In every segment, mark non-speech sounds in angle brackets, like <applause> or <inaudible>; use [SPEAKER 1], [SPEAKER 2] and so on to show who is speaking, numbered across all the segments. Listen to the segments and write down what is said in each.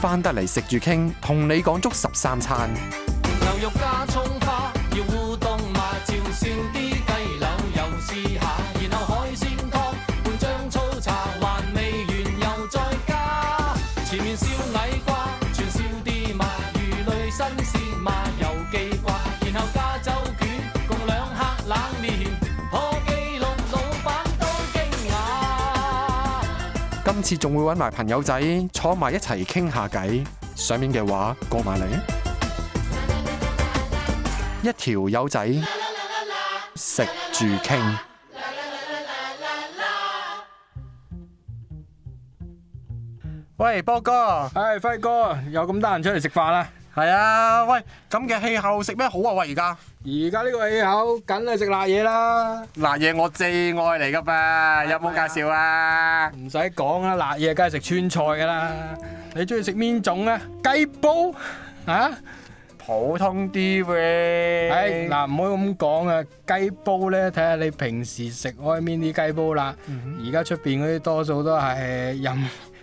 [SPEAKER 1] 翻得嚟食住傾，同你講足十
[SPEAKER 2] 三餐。
[SPEAKER 1] 次仲會揾埋朋友仔坐埋一齊傾下偈，上面嘅話過埋嚟，一條友仔食住傾。
[SPEAKER 2] 喂，波哥，唉、哎，輝哥，有咁多人出嚟食飯啦！係啊，喂！咁嘅氣候食咩好啊？喂，而家而家呢個氣候梗係食辣嘢啦。辣嘢我至愛嚟噶噃，有冇介紹啊？唔使講啦，辣嘢梗係食川菜噶啦。你中意食邊種啊？雞煲啊？普通啲喂。誒，嗱唔好咁講啊！雞煲咧，睇下你平時食開邊啲雞煲啦。而家出邊嗰啲多數都係飲。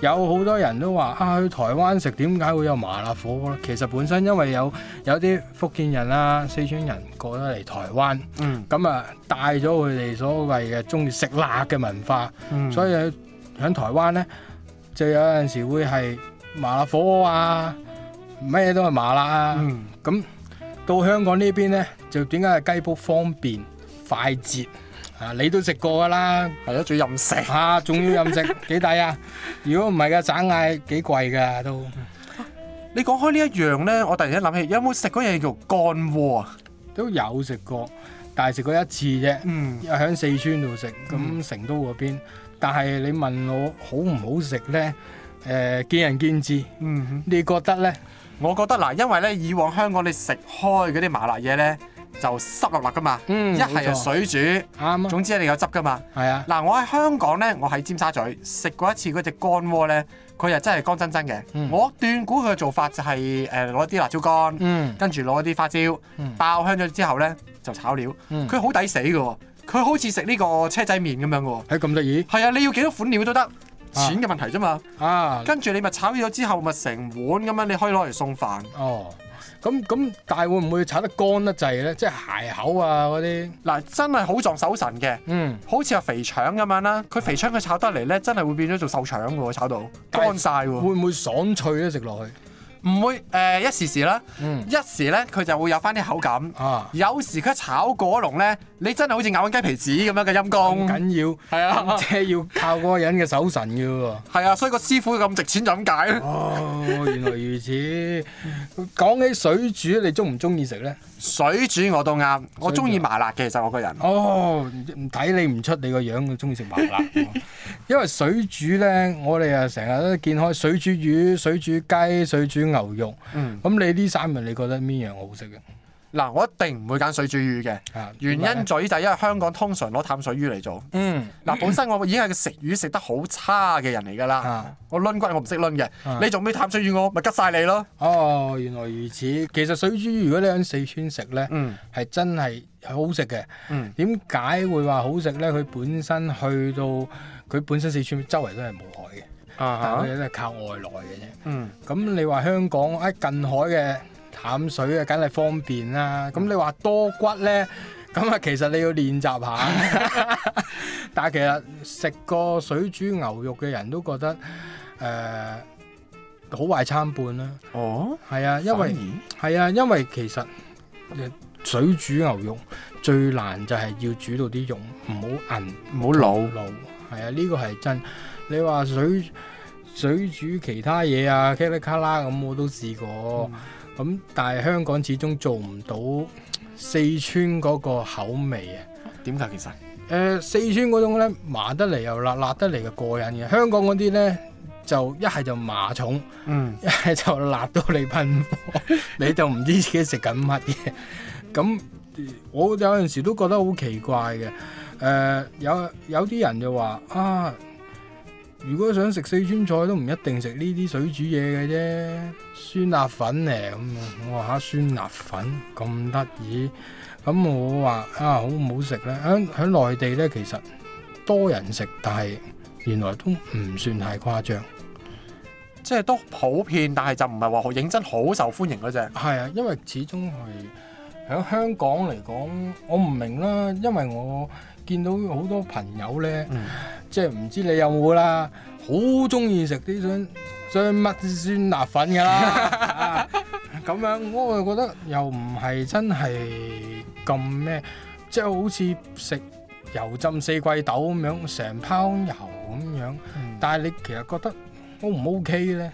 [SPEAKER 2] 有好多人都話啊，去台灣食點解會有麻辣火鍋咧？其實本身因為有有啲福建人啊、四川人過咗嚟台灣，咁啊、嗯、帶咗佢哋所謂嘅鍾意食辣嘅文化，嗯、所以喺台灣呢，就有陣時會係麻辣火鍋啊，咩都係麻辣啊。咁、嗯、到香港呢邊呢，就點解係雞煲方便快捷？啊！你都食過噶啦，係咯，最任食嚇，仲要任食幾抵啊！如果唔係嘅，盞嗌幾貴噶都。你講開呢一樣咧，我突然間諗起，有冇食過嘢叫乾鍋啊？都有食過，但係食過一次啫，喺四川度食咁成都嗰邊。但係你問我好唔好食咧？誒，見仁見智。嗯哼，你覺得咧？我覺得嗱，因為咧以往香港你
[SPEAKER 1] 食開嗰啲麻辣嘢咧。就濕落落噶嘛，一係就水煮，總之你有汁噶嘛。嗱，我喺香港咧，我喺尖沙咀食過一次嗰隻乾鍋咧，佢又真係乾真真嘅。我斷估佢嘅做法就係誒攞啲辣椒乾，跟住攞一啲花椒爆香咗之後咧就炒料。佢好抵死嘅喎，佢好似食呢個車仔麵咁樣嘅喎。誒咁得意？係啊，你要幾多款料都得，錢嘅問題啫嘛。啊，跟住你咪炒咗之後咪成碗咁樣，你可以攞嚟送飯。哦。咁咁，但係會唔會炒得乾得滯咧？即係鞋口啊嗰啲。嗱、嗯，真係好撞手神嘅。嗯。好似係肥腸咁樣啦，佢肥腸佢炒得嚟咧，真係會變咗做瘦腸嘅喎，炒到
[SPEAKER 2] 乾晒喎。會唔會爽脆咧？食落去？
[SPEAKER 1] 唔會誒、呃、一時時啦，嗯、一時咧佢就會有翻啲口感。啊、有時佢炒果籠咧，你真係好似咬緊雞皮子咁樣嘅
[SPEAKER 2] 陰功。緊要，係啊，即係要靠嗰個人嘅手神嘅喎。係 <laughs> 啊，所以個師傅咁值錢就咁解啦。哦，原來如此。 <laughs> 講起水煮，你中
[SPEAKER 1] 唔中意食咧？水煮我都啱，煮我中意麻辣嘅。其實我個人
[SPEAKER 2] 哦，唔睇你唔出你個樣，我中意食麻辣。 <laughs> 因為水煮呢，我哋啊成日都見開水煮魚、水煮雞、水煮牛肉。嗯，咁你呢三樣，你覺得邊樣好食嘅？
[SPEAKER 1] 嗱，我一定唔會揀水煮魚嘅，原因在就係因為香港通常攞淡水魚嚟做。
[SPEAKER 2] 嗱，本
[SPEAKER 1] 身我已經係個食魚食得好差嘅人嚟㗎啦，我燉骨我
[SPEAKER 2] 唔識燉嘅，你
[SPEAKER 1] 做咩淡水魚我咪吉晒你咯？
[SPEAKER 2] 哦，原來如此。其實水煮魚如果你喺四川食呢，係真係好食嘅。點解會話好食呢？佢本身去到佢本身四川周圍都係冇海嘅，但係佢都係靠外來嘅啫。咁你話香港喺近海嘅？鹹水啊梗係方便啦。咁你話多骨呢？咁啊，其實你要練習下。 <laughs> <laughs> 但係其實食過水煮牛肉嘅人都覺得誒好、呃、壞參半啦。哦，係啊，因為係而啊，因為其實水煮牛肉最難就係要煮到啲肉唔好銀唔好老。老係啊，呢、呢個係真。你話水水煮其他嘢啊，卡哩卡啦咁我都試過。嗯咁、嗯、但係香港始終做唔到四川嗰個口味啊？點解其實？誒、呃，四川嗰種咧麻得嚟又辣，辣得嚟嘅過癮嘅。香港嗰啲咧就一係就麻重，嗯，一係就辣到你噴火， <laughs> 你就唔知自己食緊乜嘢。咁 <laughs> 我有陣時都覺得好奇怪嘅。誒、呃，有有啲人就話啊～如果想食四川菜，都唔一定食呢啲水煮嘢嘅啫，酸辣粉呢咁。我話吓酸辣粉咁得意，咁、嗯、我話啊好唔好食呢？喺喺內地呢，其實多人食，但係原來都唔算太誇張，
[SPEAKER 1] 即係都普遍，但係就唔係話好認真好受歡迎嗰隻。
[SPEAKER 2] 係啊，因為始終係喺香港嚟講，我唔明啦，因為我見到好多朋友呢。嗯即係唔知你有冇啦，好中意食啲酸酸乜酸辣粉㗎啦，咁、 <laughs> 啊、樣我就覺得又唔係真係咁咩，即係好似食油浸四季豆咁樣，成泡油咁樣，嗯、但係你其實覺得 O 唔 O K 咧？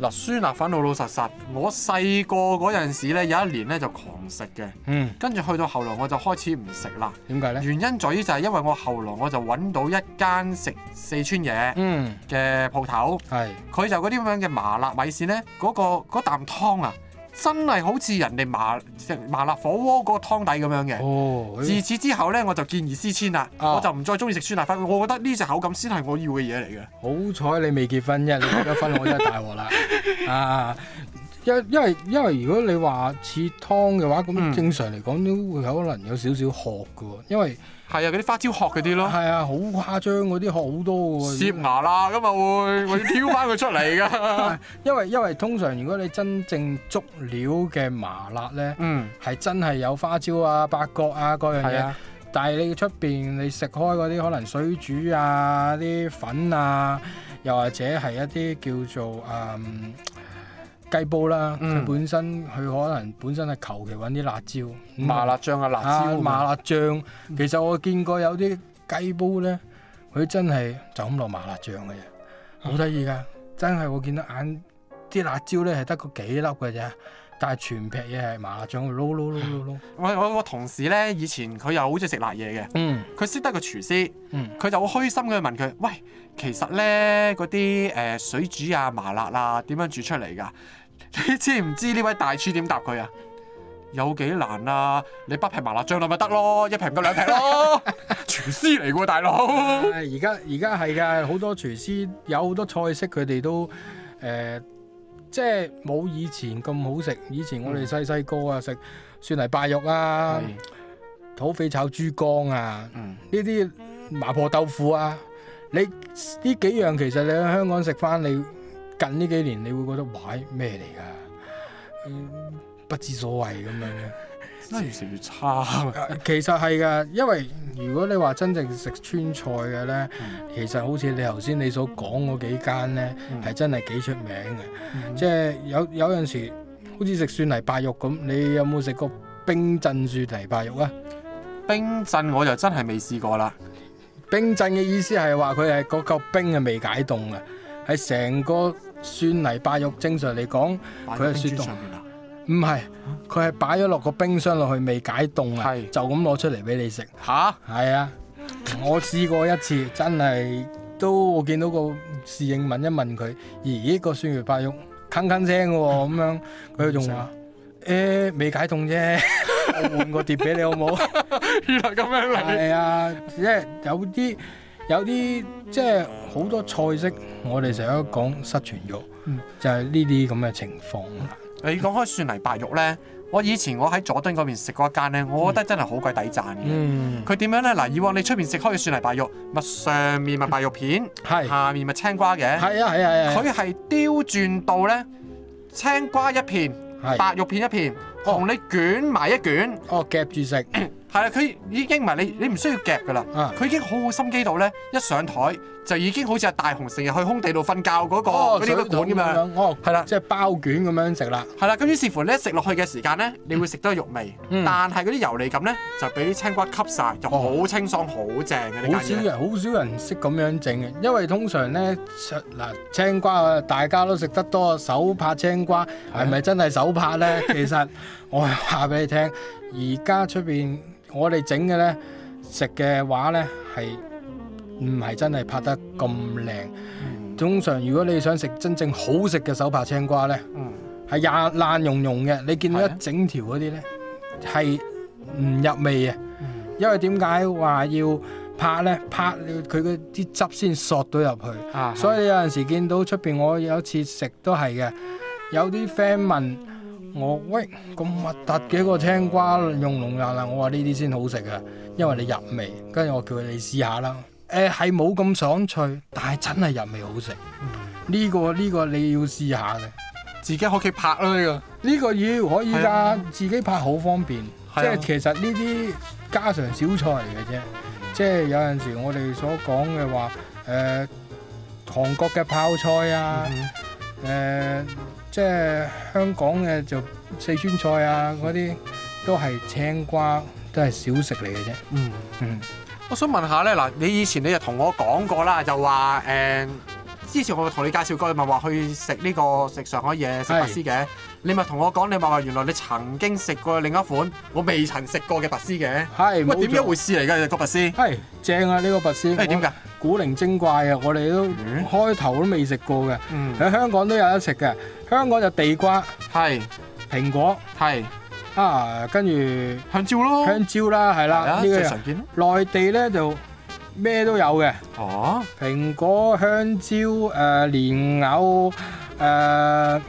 [SPEAKER 1] 嗱、哦，酸辣粉老老實實，我細個嗰陣時咧，有一年咧就狂食嘅，嗯，跟住去到後來我就開始唔食啦。點解咧？原因在於就係因為我後來我就搵到一間食四川嘢，嗯，嘅鋪頭，係店，佢是就嗰啲咁樣嘅麻辣米線咧，嗰、那個嗰啖湯啊。真係好似人哋麻食麻辣火鍋嗰個湯底咁樣嘅。哦、自此之後呢，我就見異思遷啦，哦、我
[SPEAKER 2] 就唔再中意食酸辣粉。我覺得呢隻口感先係我要嘅嘢嚟嘅。好彩你未結婚啫，你結咗婚我真係大鑊啦啊！因因為，因為如果你話似湯嘅話，咁正常嚟講都會可能有少少渴㗎，嗯、因為。係啊，嗰啲花椒殼嗰啲咯，係啊，好誇張嗰啲殼好多嘅喎，蝕麻辣咁啊會會挑翻佢出嚟噶。因為， <laughs> 因為因為通常如果你真正足料嘅麻辣咧，係、嗯、真係有花椒啊、八角啊嗰樣嘢，啊、但係你出邊你食開嗰啲可能水煮啊啲粉啊，又或者係一啲叫做嗯。雞煲啦，佢、嗯、本身佢可能本身係求其揾啲辣椒，嗯、麻辣醬啊，辣椒啊。啊、麻辣醬，其實我見過有啲雞煲咧，佢真係就咁落麻辣醬嘅啫，好得意噶，嗯、真係我見到眼啲辣椒咧係得個幾粒嘅啫。但係全劈嘢係麻辣醬，撈撈撈撈撈。
[SPEAKER 1] 我我個同事咧，以前佢又好中意食辣嘢嘅。嗯。
[SPEAKER 2] 佢識得個廚師。嗯。
[SPEAKER 1] 佢、嗯、就好虛心咁問佢，喂，其實咧嗰啲誒水煮啊、麻辣啊，點樣煮出嚟㗎？你知唔知呢位大廚點答佢啊？有幾難啊？你一劈麻辣醬啦，咪得咯，一劈唔夠兩劈咯。廚師嚟㗎喎，大佬。
[SPEAKER 2] 而家而家係㗎，好多廚師有好多菜式，佢哋都誒。即係冇以前咁好食，以前我哋細細個啊食蒜泥白肉啊、的土匪炒豬肝啊、呢啲、嗯、麻婆豆腐啊，你呢幾樣其實你喺香港食翻，你近呢幾年你會覺得哇，咩嚟㗎？不知所謂咁樣。越食越差，啊。其實係㗎，因為如果你話真正食川菜嘅呢，嗯、其實好似你頭先你所講嗰幾間呢，係、嗯、真係幾出名嘅。嗯、即係有有陣時，好似食蒜泥白肉咁，你有冇食過冰鎮蒜泥白肉啊？冰鎮我就真係未試過啦。冰鎮嘅意思係話佢係嗰嚿冰係未解凍嘅，係成個蒜泥白肉正常嚟講，佢係雪凍。唔係，佢係擺咗落個冰箱落去未解凍啊，就咁攞出嚟俾你食。嚇？係啊，我試過一次，真係都我見到個侍應問一問佢，咦，個蒜魚白肉，坑坑聲嘅喎，咁樣佢仲話誒未解凍啫，我換個碟俾你好冇？」原來咁樣嚟。係啊，即係有啲有啲即係好多菜式，我哋成日都講失傳肉，就係呢啲咁嘅情況。你講開蒜泥白肉呢？我以
[SPEAKER 1] 前我喺佐敦嗰邊食過一間呢，我覺得真係好鬼抵讚嘅。佢點、嗯、樣呢？嗱，以往你出邊食開嘅蒜泥白肉，咪上面咪白肉片，下面咪青瓜嘅。係啊，係啊佢係、啊啊、刁轉到呢，青瓜一片，啊、白肉片一片，同你捲埋一卷，哦，哦夾住食。 <coughs> 係啦，佢已經唔係你，你唔需要夾噶啦。佢已經好好心機到咧，一上台就已經好似係大雄成日去空地度瞓覺嗰個呢個管咁樣。
[SPEAKER 2] 哦，係啦，即係包卷咁樣食啦。
[SPEAKER 1] 係啦，咁於是乎咧食落去嘅時間咧，你會食得肉味，但係嗰啲油膩感咧就俾啲青瓜吸晒，就好清爽好正
[SPEAKER 2] 嘅呢件嘢。你好少人，好少人識咁樣整嘅，因為通常咧，嗱青瓜大家都食得多，手拍青瓜係咪真係手拍咧？其實。我係話俾你聽，而家出邊我哋整嘅呢食嘅話呢係唔係真係拍得咁靚？通常如果你想食真正好食嘅手拍青瓜呢，係爛溶溶嘅。你見到一整條嗰啲呢，係唔入味嘅，因為點解話要拍呢？拍佢，佢嗰啲汁先索到入去。所以有陣時見到出邊，我有一次食都係嘅。有啲 friend 問。我喂，咁核突嘅一個青瓜用濃壓啦，我話呢啲先好食嘅，因為你入味。跟住我叫佢哋試下啦。誒、呃，係冇咁爽脆，但係真係入味好食。呢、嗯呢個呢、呢個你要試下嘅，自己喺屋企拍啦、啊、呢、呢個。呢個要可以㗎，自己拍好方便。啊啊、即係其實呢啲家常小菜嚟嘅啫。即係有陣時我哋所講嘅話，誒、呃，韓國嘅泡菜啊，誒、嗯嗯。呃即係香港嘅就四川菜啊，嗰啲都係青瓜，都係小食嚟嘅啫。嗯嗯，我想問下
[SPEAKER 1] 咧，嗱，你以前你就同我講過啦，就話誒。之前我同你介紹過，你咪話去食呢個食上海嘢食拔絲嘅，你咪同我講你咪話原來你曾經食過另一款我未曾食過嘅拔絲嘅，係喂點樣回事嚟㗎呢個拔絲？係
[SPEAKER 2] 正啊呢個拔絲係點㗎？古靈精怪啊！我哋都開頭都未食過嘅，喺香港都有得食嘅。香港就地瓜係、蘋果係啊，跟住香蕉咯，香蕉啦係啦，呢個常見內地咧就。咩都有嘅，哦、蘋果、香蕉、誒、呃、蓮藕、誒，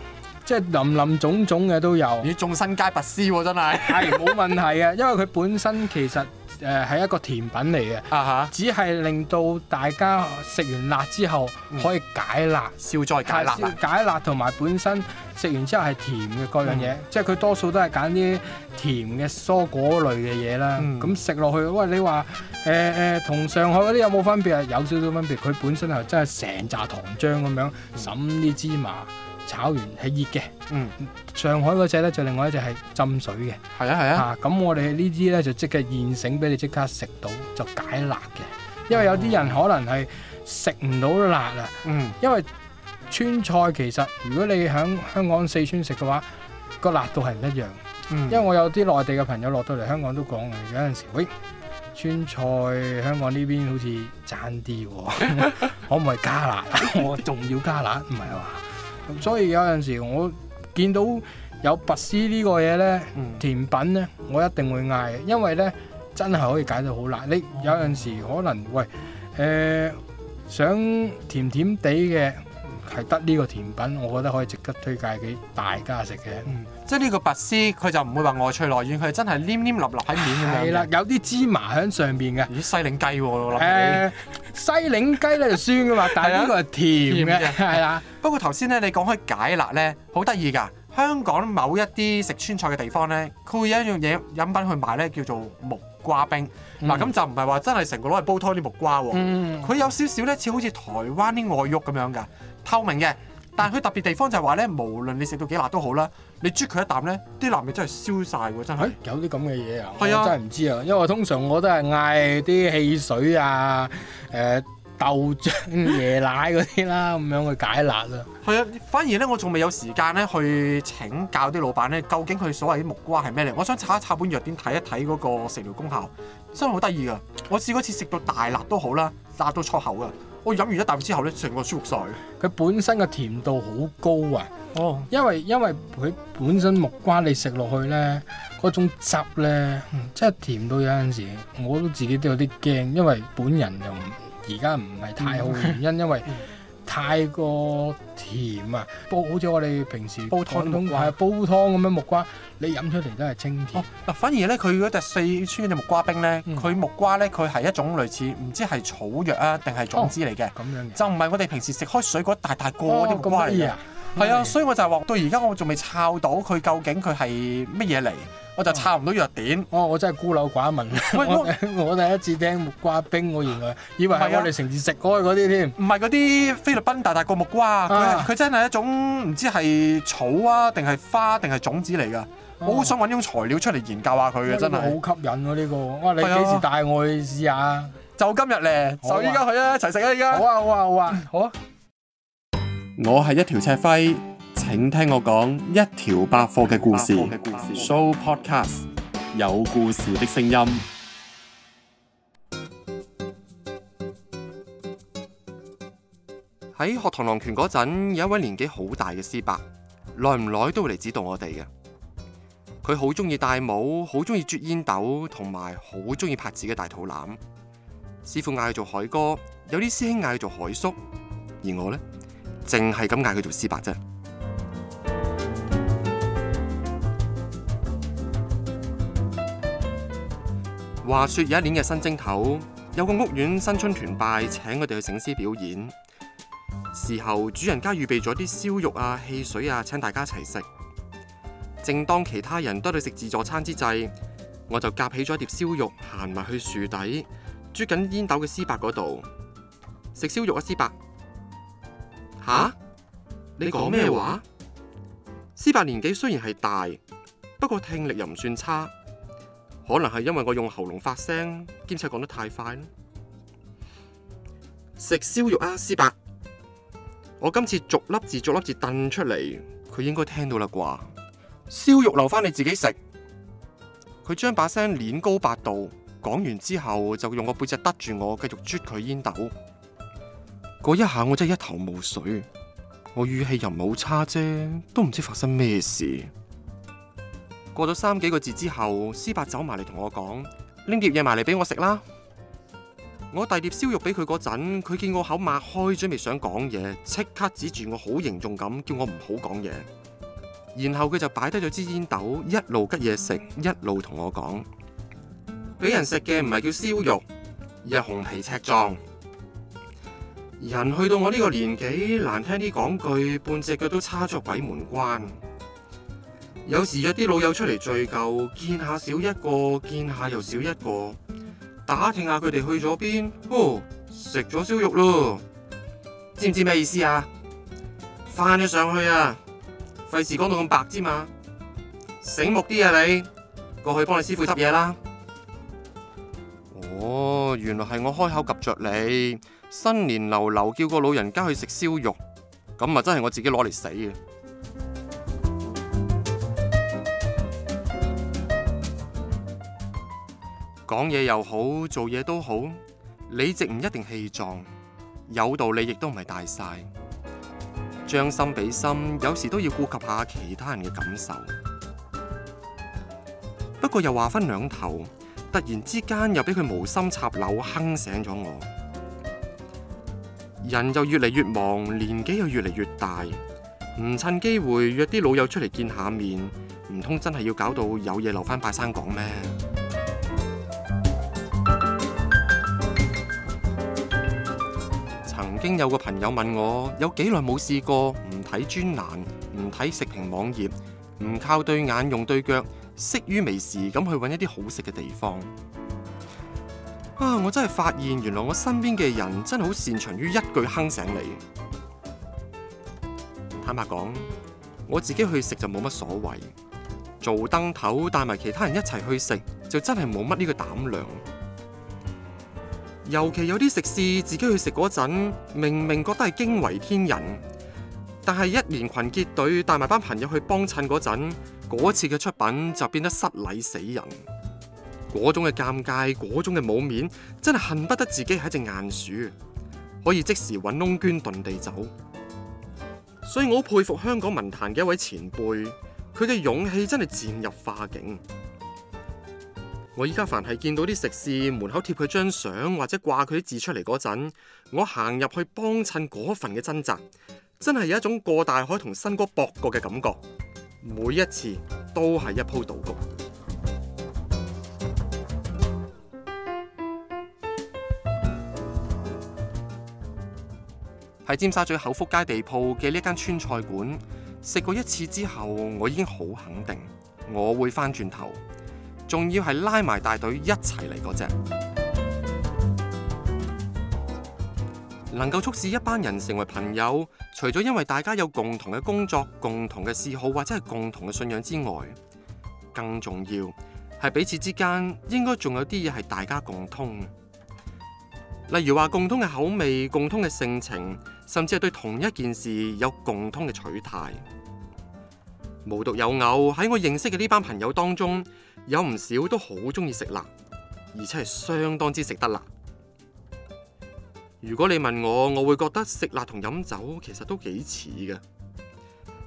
[SPEAKER 2] 即係林林種種嘅都有。你眾生皆拔絲喎，啊，真係。係冇 <laughs> 問題嘅，因為佢本身其實。誒係、呃、一個甜品嚟嘅，uh huh. 只係令到大家食完辣之後可以解辣，少再、嗯、解辣，解辣同埋本身食完之後係甜嘅各樣嘢，嗯、即係佢多數都係揀啲甜嘅蔬果類嘅嘢啦。咁食落去，喂，你話誒誒，同、呃呃、上海嗰啲有冇分別啊？有少少分別，佢本身係真係成扎糖漿咁樣，糝啲芝麻。炒完係熱嘅，嗯，上海嗰隻咧就另外一隻係浸水嘅，係啊係啊，咁我哋呢啲咧就即刻現成俾你即刻食到就解辣嘅，因為有啲人可能係食唔到辣啊，嗯，因為川菜其實如果你喺香港四川食嘅話，個辣度係唔一樣，嗯，因為我有啲內地嘅朋友落到嚟香港都講嘅，有陣時，喂，川菜香港呢邊好似爭啲喎， <laughs> 可唔可以加辣？ <laughs> <laughs> 我仲要加辣，唔係嘛？所以有陣時我見到有拔絲呢個嘢呢，甜品呢，我一定會嗌，因為呢真係可以解到好辣。你有陣時可能喂、誒、呃、想甜甜地嘅。係得呢個甜品，我覺得可以值得推介俾大家食嘅。嗯、
[SPEAKER 1] 即係呢個拔絲佢就唔會話外脆內軟，佢真係黏黏立立喺面咁樣，有啲芝麻喺上邊嘅。咦、呃，西檸雞喎、啊，我諗。誒、呃，
[SPEAKER 2] 西檸雞咧就酸噶嘛，但係呢個係甜嘅，係
[SPEAKER 1] 啦。不過頭先咧，你講開解辣咧，好得意㗎。香港某一啲食川菜嘅地方咧，佢會有一樣嘢飲品去賣咧，叫做木瓜冰。嗱、嗯，咁就唔係話真係成個攞嚟煲湯啲木瓜喎，佢、嗯嗯、有少少咧，似好似台灣啲外鬱咁樣㗎。透明嘅，但係佢特別地方就係話咧，無論你食到幾辣都好啦，你啜佢一啖咧，啲辣味真係消晒喎，
[SPEAKER 2] 真係、欸。有啲咁嘅嘢啊！係啊，真係唔知啊，因為通常我都係嗌啲汽水啊、誒、呃、豆漿、 <laughs> 椰奶嗰啲啦，咁樣去解辣啊。係
[SPEAKER 1] 啊，反而咧，我仲未有時間咧去請教啲老闆咧，究竟佢所謂啲木瓜係咩嚟？我想查一查本藥典睇一睇嗰個食療功效，真係好得意噶！我試過一次食到大辣都好啦，辣到錯口啊！我飲完一啖之後咧，成個舒服晒。
[SPEAKER 2] 佢本身嘅甜度好高啊！哦，因，因為因為佢本身木瓜你食落去咧，嗰種汁咧，即、嗯、係甜到有陣時，我都自己都有啲驚，因為本人又唔，而家唔係太好嘅原因，嗯、因為。 <laughs> 太過甜啊！煲好似我哋平時煲湯咁，話煲湯咁樣木瓜，你飲出嚟都係清甜。
[SPEAKER 1] 嗱、哦，反而咧佢嗰隻四川嘅木瓜冰咧，佢、嗯、木瓜咧佢係一種類似唔知係草藥啊定係種子嚟嘅，哦、樣就唔係我哋平時食開水果大大個嗰啲木瓜嚟。係啊，所以我就話到而家我仲未摷到佢究竟佢係乜嘢嚟，我
[SPEAKER 2] 就摷唔到弱點。我、哦、我真係孤陋寡聞。 <laughs> <laughs> 我第一次聽木瓜冰，我原來以為係我哋成日食開嗰嗰啲添。唔係嗰啲菲律賓大大個木瓜，佢、啊、真
[SPEAKER 1] 係一種唔知係草啊，定係花，定係種子嚟㗎。啊、我好想揾種材料出嚟研究下
[SPEAKER 2] 佢嘅，真係好吸引啊！呢、呢個哇，你幾時帶我去試下、啊？就今日咧，啊、就依家去啊！
[SPEAKER 1] 一齊食啊！依家好
[SPEAKER 2] 啊！好啊！好啊！好啊！好啊 <laughs>
[SPEAKER 1] 我係一條赤輝，請聽我講一條百貨嘅故事。故事 Show podcast 有故事的聲音。喺學螳螂拳嗰陣，有一位年紀好大嘅師伯，耐唔耐都會嚟指導我哋嘅。佢好中意戴帽，好中意啜煙斗，同埋好中意拍子嘅大肚腩。師傅嗌佢做海哥，有啲師兄嗌佢做海叔，而我呢。淨係咁嗌佢做思白啫。話說有一年嘅新正頭，有個屋苑新春團拜，請我哋去醒獅表演。事後主人家預備咗啲燒肉啊、汽水啊，請大家一齊食。正當其他人都去食自助餐之際，我就夾起咗一碟燒肉，行埋去樹底，啜緊煙斗嘅思白嗰度食燒肉啊，思白。吓！你講咩話？思伯年紀雖然係大，不過聽力又唔算差，可能係因為我用喉嚨發聲兼且講得太快啦。食燒肉啊，思伯！我今次逐粒字逐粒字掟出嚟，佢應該聽到啦啩？燒肉留翻你自己食。佢將把聲捻高八度，講完之後就用個背脊得住我，繼續啜佢煙斗。我一下我真係一頭霧水，我語氣又唔係好差啫，都唔知發生咩事。過咗三幾個字之後，施伯走埋嚟同我講：拎碟嘢埋嚟俾我食啦！我遞碟燒肉俾佢嗰陣，佢見我口擘開準備想講嘢，即刻指住我好凝重咁叫我唔好講嘢。然後佢就擺低咗支煙斗，一路吉嘢食，一路同我講：俾人食嘅唔係叫燒肉，而係紅皮赤壯。人去到我呢個年紀，難聽啲講句，半隻腳都叉咗鬼門關。
[SPEAKER 2] 有時約啲老友出嚟
[SPEAKER 1] 聚舊，見下少一個，見下又少一個，打聽下佢哋去咗邊？哦，食咗燒肉咯，知唔知咩意思啊？翻咗上去啊，費事講到咁白之嘛。啊，醒目啲啊你，過去幫你師傅執嘢啦。哦，原來係我開口及着你。新年流流叫個老人家去食燒肉，咁咪真係我自己攞嚟死嘅。講嘢 <music> 又好，做嘢都好，理直唔一定氣壯，有道理亦都唔係大晒。將心比心，有時都要顧及下其他人嘅感受。不過又話分兩頭，突然之間又俾佢無心插柳坑醒咗我。人就越嚟越忙，年紀又越嚟越大，唔趁機會約啲老友出嚟見下面，唔通真係要搞到有嘢留返拜山講咩？ <music> 曾經有個朋友問我，有幾耐冇試過唔睇專欄、唔睇食評網頁、唔靠對眼用對腳，適於微時咁去揾一啲好食嘅地方。啊！我真係發現，原來我身邊嘅人真係好擅長於一句哼醒你。坦白講，我自己去食就冇乜所謂，做燈頭帶埋其他人一齊去食就真係冇乜呢個膽量。尤其有啲食肆自己去食嗰陣，明明覺得係驚為天人，但係一連群結隊帶埋班朋友去幫襯嗰陣，嗰次嘅出品就變得失禮死人。嗰種嘅尷尬，嗰種嘅冇面，真係恨不得自己係隻硬鼠，可以即時搵窿捐遁地走。所以我好佩服香港文壇嘅一位前輩，佢嘅勇氣真係漸入化境。我依家凡係見到啲食肆門口貼佢張相或者掛佢啲字出嚟嗰陣，我行入去幫襯嗰份嘅掙扎，真係有一種過大海同新哥搏過嘅感覺，每一次都係一鋪賭局。喺尖沙咀口福街地鋪嘅呢一間川菜館食過一次之後，我已經好肯定我會返轉頭，仲要係拉埋大隊一齊嚟嗰隻。能夠促使一班人成為朋友，除咗因為大家有共同嘅工作、共同嘅嗜好或者係共同嘅信仰之外，更重要係彼此之間應該仲有啲嘢係大家共通，例如話共通嘅口味、共通嘅性情。甚至係對同一件事有共通嘅取態。無獨有偶，喺我認識嘅呢班朋友當中，有唔少都好中意食辣，而且係相當之食得辣。如果你問我，我會覺得食辣同飲酒其實都幾似嘅。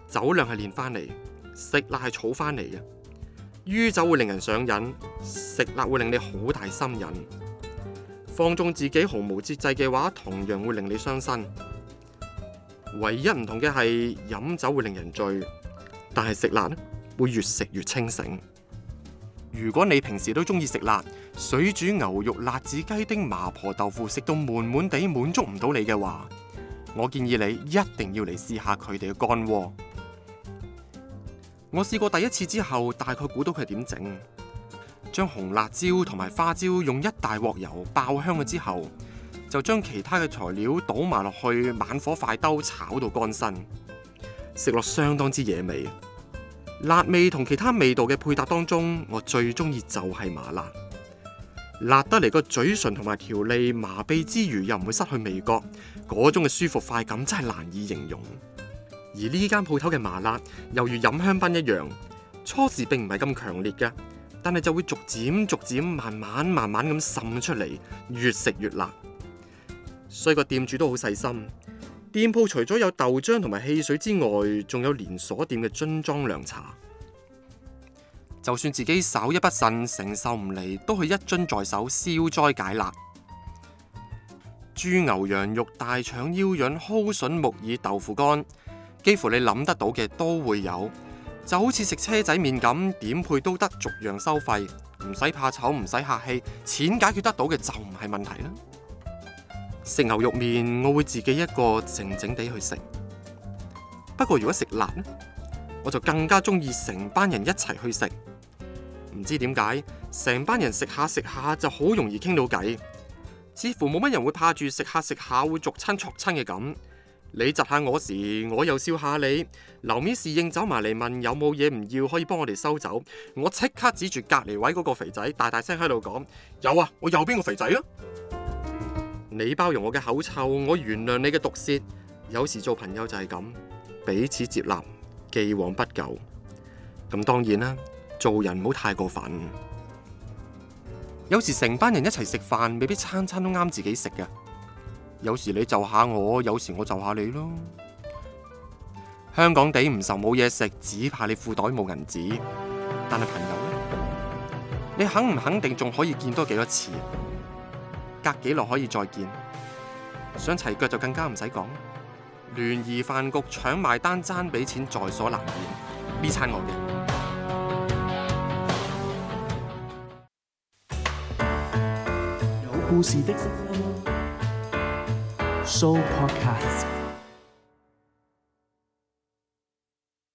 [SPEAKER 1] 酒量係練翻嚟，食辣係儲翻嚟嘅。酗酒會令人上癮，食辣會令你好大心癮。放縱自己毫無節制嘅話，同樣會令你傷身。唯一唔同嘅係飲酒會令人醉，但係食辣呢會越食越清醒。如果你平時都中意食辣，水煮牛肉、辣子雞丁、麻婆豆腐食到滿滿地滿足唔到你嘅話，我建議你一定要嚟試下佢哋嘅乾鍋。我試過第一次之後，大概估到佢點整，將紅辣椒同埋花椒用一大鑊油爆香咗之後。就將其他嘅材料倒埋落去，猛火快兜炒到乾身，食落相當之惹味。辣味同其他味道嘅配搭當中，我最中意就係麻辣。辣得嚟個嘴唇同埋條脷麻痹之餘，又唔會失去味覺，嗰種嘅舒服快感真係難以形容。而呢間鋪頭嘅麻辣猶如飲香檳一樣，初時並唔係咁強烈嘅，但係就會逐漸逐漸慢慢慢慢咁滲出嚟，越食越辣。所以個店主都好細心，店鋪除咗有豆漿同埋汽水之外，仲有連鎖店嘅樽裝涼茶。就算自己稍一不慎承受唔嚟，都係一樽在手消災解辣。豬牛羊肉、大腸腰潤、蒿筍木耳、豆腐乾，幾乎你諗得到嘅都會有。就好似食車仔麵咁，點配都得，逐樣收費，唔使怕醜，唔使客氣，錢解決得到嘅就唔係問題啦。食牛肉麵，我會自己一個靜靜地去食。不過如果食辣我就更加中意成班人一齊去食。唔知點解，成班人食下食下就好容易傾到偈，似乎冇乜人會怕住食下食下會灼親灼親嘅咁。你窒下我時，我又笑下你。樓面侍應走埋嚟問有冇嘢唔要可以幫我哋收走，我即刻指住隔籬位嗰個肥仔，大大聲喺度講：有啊，我右邊個肥仔啊！你包容我嘅口臭，我原諒你嘅毒舌，有時做朋友就係咁，彼此接納，既往不咎。咁當然啦，做人唔好太過分。有時成班人一齊食飯，未必餐餐都啱自己食嘅。有時你就下我，有時我就下你咯。香港地唔愁冇嘢食，只怕你褲袋冇銀紙。但係朋友呢，你肯唔肯定仲可以見多幾多次？隔幾耐可以再見，想齊腳就更加唔使講，聯誼飯局搶埋單爭俾錢在所難免。呢餐我嘅。
[SPEAKER 2] 有故事的 Show Podcast。